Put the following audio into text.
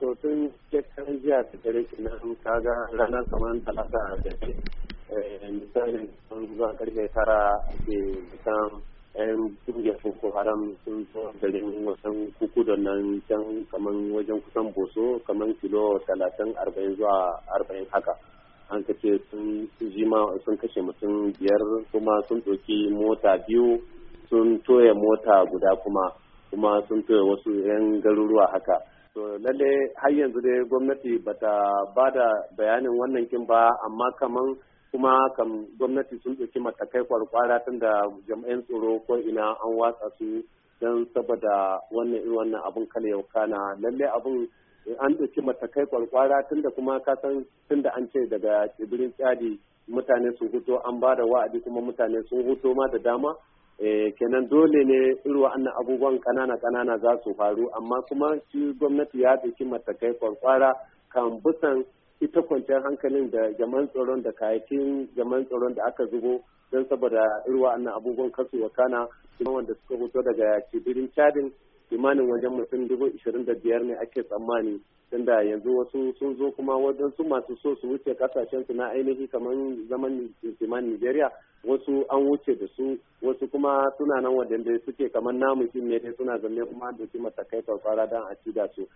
to tun cikin jiya ta dare kenan kaga ranar kamar talata da ke eh, misalin sun zuwa karfe tara ke bisan yan kungiyar boko haram sun zo garin wasan kuku da nan can kamar wajen kusan boso kamar kilo talatin arba'in zuwa arba'in haka an ce sun jima sun kashe mutum biyar kuma sun ɗauki mota biyu sun toye mota guda kuma kuma sun toye wasu yan garuruwa haka to lalle har yanzu dai gwamnati bata ba da bayanin wannan kin ba amma kaman kuma kam gwamnati sun ɗauki matakai kwarkwara tun da tsoro ko ina an watsa su don saboda wannan irin wannan abun kala yau kana lalle abun an ɗauki matakai kwarkwara tun da kuma ka san tun da an ce daga tsibirin tsadi mutane sun hutu an ba da wa'adi kuma mutane sun hutu ma da dama Eh, kenan dole ne irin wa'annan abubuwan kanana kanana za su faru amma kuma shi gwamnati ya ɗauki matakai kwarkwara kan busan ita kwanciyar hankalin da jaman tsaron da kayakin jaman tsaron da aka zubo don saboda irin wa'annan abubuwan kasu wa kuma wanda suka hoto daga kibirin cadin imanin wajen mutum dubu ishirin da biyar ne ake tsammani tunda yanzu wasu sun zo kuma wadansu masu so su wuce kasashen su na ainihi kamar zaman kimanin nigeria wasu an wuce da su wasu kuma suna nan wajen da suke kamar namu ne dai suna zanne kuma da su matakai kwakwara don a ci da su